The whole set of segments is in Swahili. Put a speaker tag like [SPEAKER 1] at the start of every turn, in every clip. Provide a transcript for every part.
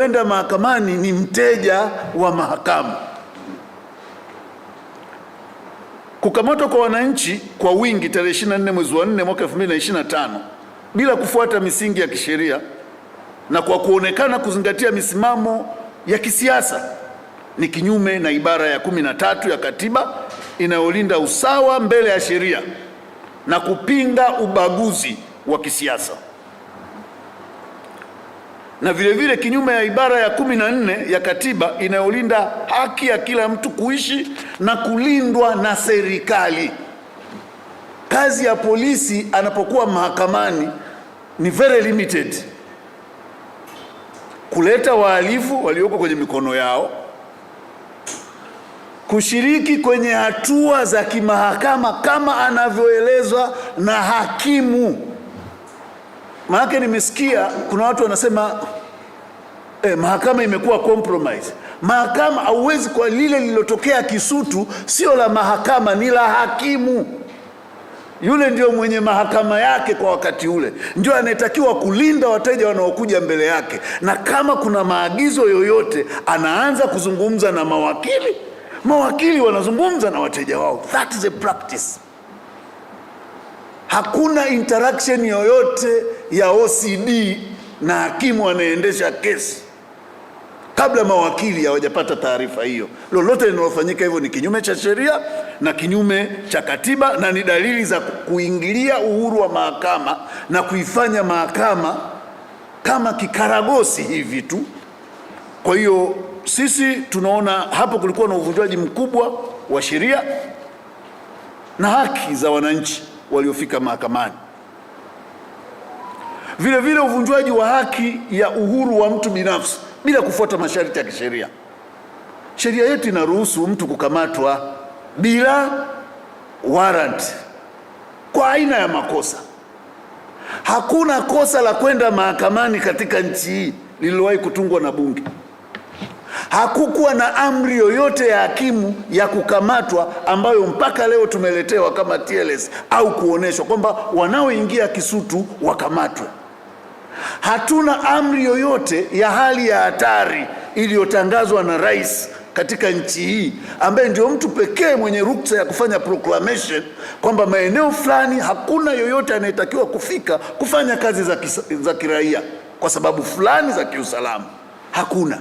[SPEAKER 1] kwenda mahakamani ni mteja wa mahakama. Kukamatwa kwa wananchi kwa wingi tarehe 24 mwezi wa 4 mwaka 2025 bila kufuata misingi ya kisheria na kwa kuonekana kuzingatia misimamo ya kisiasa ni kinyume na ibara ya 13 ya katiba inayolinda usawa mbele ya sheria na kupinga ubaguzi wa kisiasa na vilevile vile kinyume ya ibara ya kumi na nne ya katiba inayolinda haki ya kila mtu kuishi na kulindwa na serikali. Kazi ya polisi anapokuwa mahakamani ni very limited, kuleta wahalifu walioko kwenye mikono yao, kushiriki kwenye hatua za kimahakama kama anavyoelezwa na hakimu. Maanake nimesikia kuna watu wanasema eh, mahakama imekuwa compromise. Mahakama hauwezi kwa lile lililotokea Kisutu, sio la mahakama, ni la hakimu. Yule ndio mwenye mahakama yake kwa wakati ule, ndio anayetakiwa kulinda wateja wanaokuja mbele yake, na kama kuna maagizo yoyote, anaanza kuzungumza na mawakili. Mawakili wanazungumza na wateja wao, that is a practice. Hakuna interaction yoyote ya OCD na hakimu anayeendesha kesi kabla mawakili hawajapata taarifa hiyo. Lolote linalofanyika hivyo ni kinyume cha sheria na kinyume cha katiba na ni dalili za kuingilia uhuru wa mahakama na kuifanya mahakama kama kikaragosi hivi tu. Kwa hiyo sisi tunaona hapo kulikuwa na uvunjwaji mkubwa wa sheria na haki za wananchi waliofika mahakamani. Vile vile uvunjwaji wa haki ya uhuru wa mtu binafsi bila kufuata masharti ya kisheria. Sheria yetu inaruhusu mtu kukamatwa bila warrant kwa aina ya makosa. Hakuna kosa la kwenda mahakamani katika nchi hii lililowahi kutungwa na Bunge. Hakukuwa na amri yoyote ya hakimu ya kukamatwa ambayo mpaka leo tumeletewa kama TLS au kuonyeshwa kwamba wanaoingia Kisutu wakamatwe. Hatuna amri yoyote ya hali ya hatari iliyotangazwa na rais katika nchi hii ambaye ndio mtu pekee mwenye ruksa ya kufanya proclamation kwamba maeneo fulani hakuna yoyote anayetakiwa kufika kufanya kazi za, kisa, za kiraia kwa sababu fulani za kiusalama. Hakuna,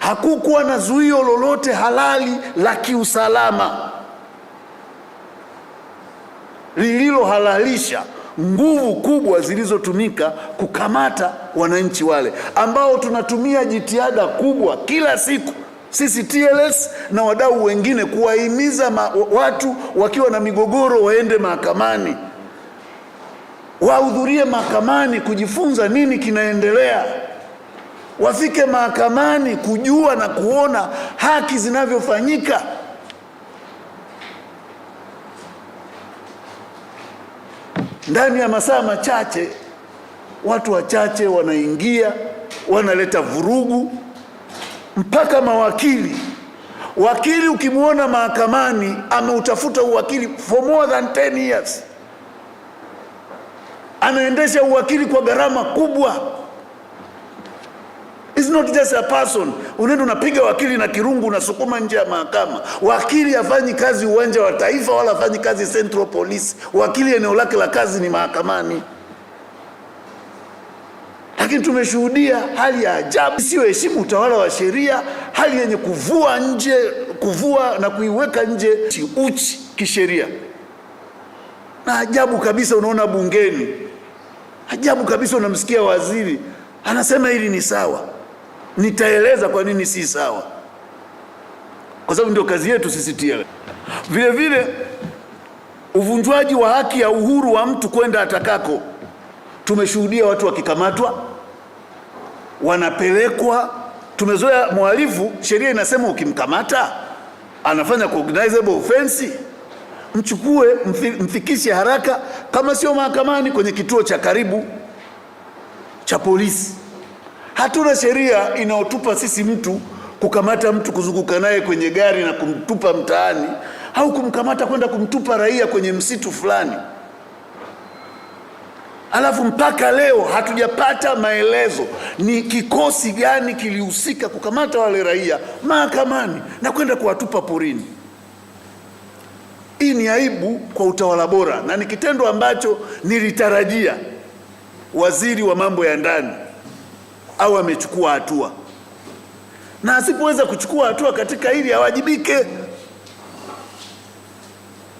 [SPEAKER 1] hakukuwa na zuio lolote halali la kiusalama lililohalalisha nguvu kubwa zilizotumika kukamata wananchi wale ambao tunatumia jitihada kubwa kila siku sisi TLS na wadau wengine kuwahimiza watu wakiwa na migogoro waende mahakamani, wahudhurie mahakamani kujifunza nini kinaendelea, wafike mahakamani kujua na kuona haki zinavyofanyika. ndani ya masaa machache watu wachache wanaingia wanaleta vurugu mpaka mawakili. Wakili ukimwona mahakamani ameutafuta uwakili for more than 10 years, anaendesha uwakili kwa gharama kubwa is not just a person. Unaenda unapiga wakili na kirungu unasukuma nje ya mahakama. Wakili hafanyi kazi uwanja wa Taifa wala hafanyi kazi Central Police. Wakili eneo lake la kazi ni mahakamani. Lakini tumeshuhudia hali ya ajabu isiyoheshimu utawala wa sheria, hali yenye kuvua nje, kuvua na kuiweka nje uchi kisheria. Na ajabu kabisa unaona bungeni, ajabu kabisa unamsikia waziri anasema hili ni sawa nitaeleza kwa nini si sawa, kwa sababu ndio kazi yetu sisi TLS. Vile vile uvunjwaji wa haki ya uhuru wa mtu kwenda atakako, tumeshuhudia watu wakikamatwa, wanapelekwa. Tumezoea mhalifu, sheria inasema ukimkamata anafanya cognizable offense, mchukue mfikishe haraka, kama sio mahakamani, kwenye kituo cha karibu cha polisi hatuna sheria inayotupa sisi mtu kukamata mtu kuzunguka naye kwenye gari na kumtupa mtaani au kumkamata kwenda kumtupa raia kwenye msitu fulani. Alafu mpaka leo hatujapata maelezo ni kikosi gani kilihusika kukamata wale raia mahakamani na kwenda kuwatupa porini. Hii ni aibu kwa utawala bora na ni kitendo ambacho nilitarajia waziri wa mambo ya ndani au amechukua hatua, na asipoweza kuchukua hatua katika hili awajibike,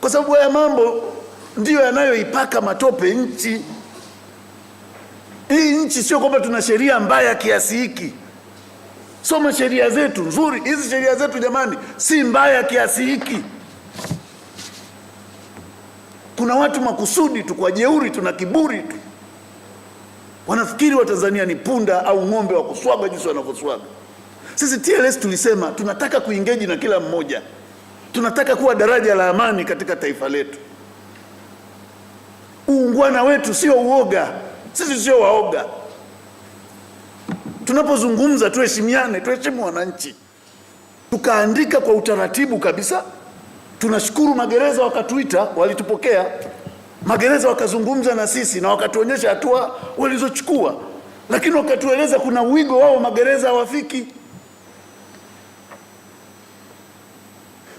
[SPEAKER 1] kwa sababu haya mambo ndiyo yanayoipaka matope nchi hii. Nchi sio kwamba tuna sheria mbaya kiasi hiki. Soma sheria zetu nzuri, hizi sheria zetu jamani, si mbaya kiasi hiki. Kuna watu makusudi tu, kwa jeuri, tuna kiburi tu. Wanafikiri Watanzania ni punda au ng'ombe wa kuswaga jinsi wanavyoswaga. Sisi TLS tulisema tunataka kuingeji na kila mmoja, tunataka kuwa daraja la amani katika taifa letu. Uungwana wetu sio uoga, sisi sio waoga. Tunapozungumza tuheshimiane, tuheshimu wananchi. Tukaandika kwa utaratibu kabisa. Tunashukuru magereza wakatuita, walitupokea. Magereza wakazungumza na sisi na wakatuonyesha hatua walizochukua, lakini wakatueleza kuna wigo wao magereza hawafiki.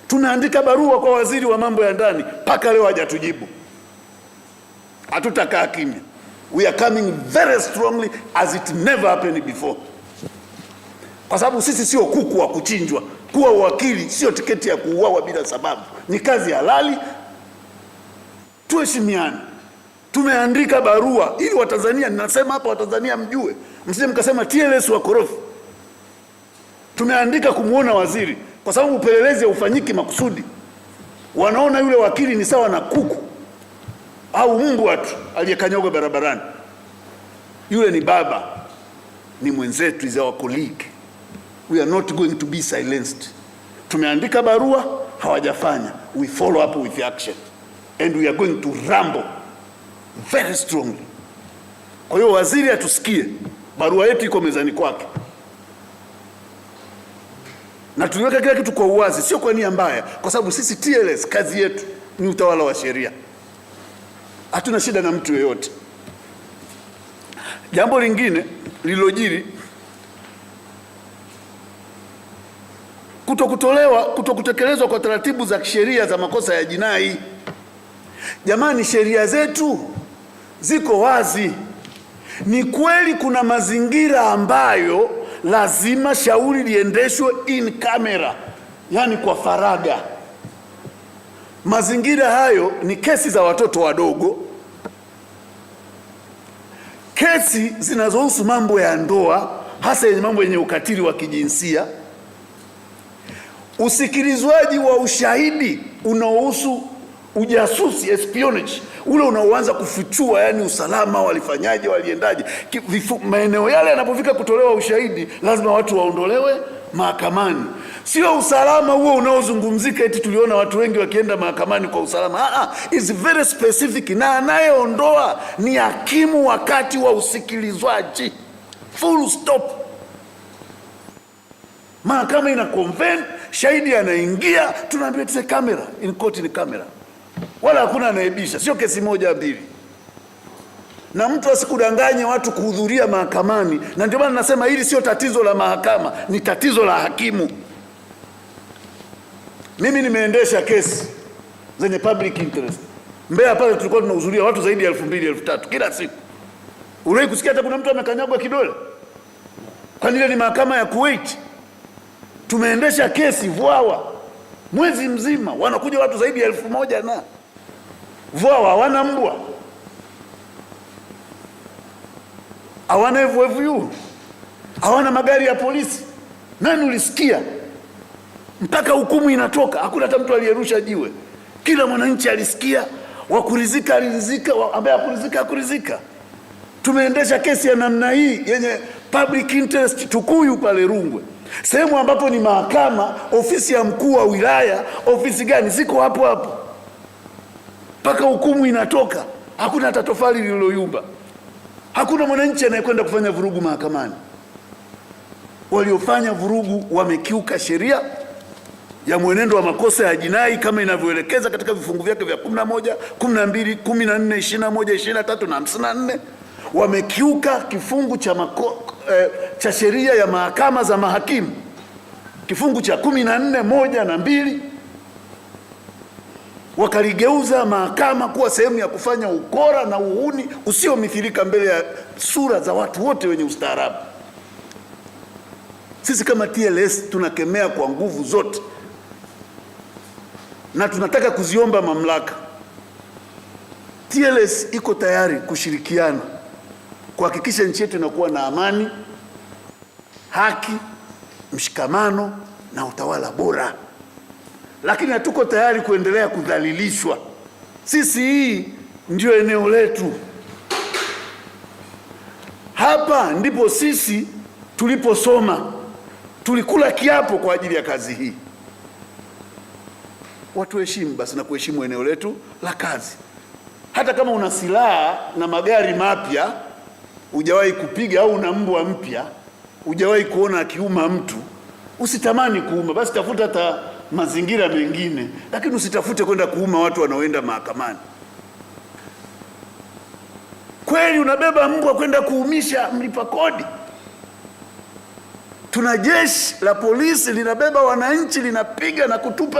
[SPEAKER 1] Tunaandika barua kwa waziri wa mambo ya ndani, mpaka leo hajatujibu. Hatutakaa kimya. We are coming very strongly as it never happened before, kwa sababu sisi sio kuku wa kuchinjwa. Kuwa wakili sio tiketi ya kuuawa bila sababu, ni kazi halali tuheshimiane. Tumeandika barua ili Watanzania, ninasema hapa Watanzania mjue, msije mkasema TLS wakorofi. Tumeandika kumwona waziri kwa sababu upelelezi haufanyiki makusudi. Wanaona yule wakili ni sawa na kuku au mbwa tu aliyekanyagwa barabarani. Yule ni baba, ni mwenzetu, is our colleague. We are not going to be silenced. Tumeandika barua hawajafanya, we follow up with action and we are going to rumble very strongly. Kwa hiyo waziri atusikie, barua yetu iko mezani kwake, na tuliweka kila kitu kwa uwazi, sio kwa nia mbaya, kwa sababu sisi TLS kazi yetu ni utawala wa sheria, hatuna shida na mtu yeyote. Jambo lingine lilojiri kuto kutolewa kuto kutekelezwa kwa taratibu za kisheria za makosa ya jinai. Jamani, sheria zetu ziko wazi. Ni kweli kuna mazingira ambayo lazima shauri liendeshwe in camera, yani kwa faraga Mazingira hayo ni kesi za watoto wadogo, kesi zinazohusu mambo ya ndoa, hasa yenye mambo yenye ukatili wa kijinsia, usikilizwaji wa ushahidi unaohusu ujasusi espionage ule unaoanza kufichua, yani usalama walifanyaje, waliendaje. Maeneo yale yanapofika kutolewa ushahidi, lazima watu waondolewe mahakamani. Sio usalama huo unaozungumzika eti tuliona watu wengi wakienda mahakamani kwa usalama. Ah, ah is very specific, na anayeondoa ni hakimu wakati wa usikilizwaji, full stop. Mahakama ina convene, shahidi anaingia, tunaambia tse kamera in court, ni kamera wala hakuna anayebisha, sio kesi moja mbili. Na mtu asikudanganye watu kuhudhuria mahakamani, na ndio maana nasema hili sio tatizo la mahakama, ni tatizo la hakimu. Mimi nimeendesha kesi zenye public interest Mbeya pale tulikuwa tunahudhuria watu zaidi ya elfu mbili elfu tatu kila siku. Uliwahi kusikia hata kuna mtu amekanyagwa kidole? Kwani ile ni mahakama ya Kuwait? Tumeendesha kesi Vwawa mwezi mzima, wanakuja watu zaidi ya elfu moja na Vwawa hawana mbwa, hawana evuevu, hawana magari ya polisi. Nani ulisikia mpaka hukumu inatoka? Hakuna hata mtu aliyerusha jiwe. Kila mwananchi alisikia, wakurizika alirizika, ambaye akurizika akurizika Tumeendesha kesi ya namna hii yenye public interest Tukuyu pale Rungwe, sehemu ambapo ni mahakama, ofisi ya mkuu wa wilaya, ofisi gani ziko hapo hapo mpaka hukumu inatoka, hakuna hata tofali lililoyumba, hakuna mwananchi anayekwenda kufanya vurugu mahakamani. Waliofanya vurugu wamekiuka sheria ya mwenendo wa makosa ya jinai kama inavyoelekeza katika vifungu vyake vya 11, 12, 14, 21, 23 na 54. Wamekiuka kifungu cha mako, eh, cha sheria ya mahakama za mahakimu kifungu cha 14, moja na mbili wakaligeuza mahakama kuwa sehemu ya kufanya ukora na uhuni usiomithilika mbele ya sura za watu wote wenye ustaarabu. Sisi kama TLS tunakemea kwa nguvu zote na tunataka kuziomba mamlaka. TLS iko tayari kushirikiana kuhakikisha nchi yetu inakuwa na amani, haki, mshikamano na utawala bora lakini hatuko tayari kuendelea kudhalilishwa. Sisi hii ndio eneo letu, hapa ndipo sisi tuliposoma, tulikula kiapo kwa ajili ya kazi hii. Watuheshimu basi na kuheshimu eneo letu la kazi. Hata kama una silaha na magari mapya hujawahi kupiga, au una mbwa mpya hujawahi kuona akiuma mtu, usitamani kuuma, basi tafuta ta mazingira mengine, lakini usitafute kwenda kuuma watu wanaoenda mahakamani. Kweli unabeba mbwa kwenda kuumisha mlipa kodi? Tuna jeshi la polisi linabeba wananchi, linapiga na kutupa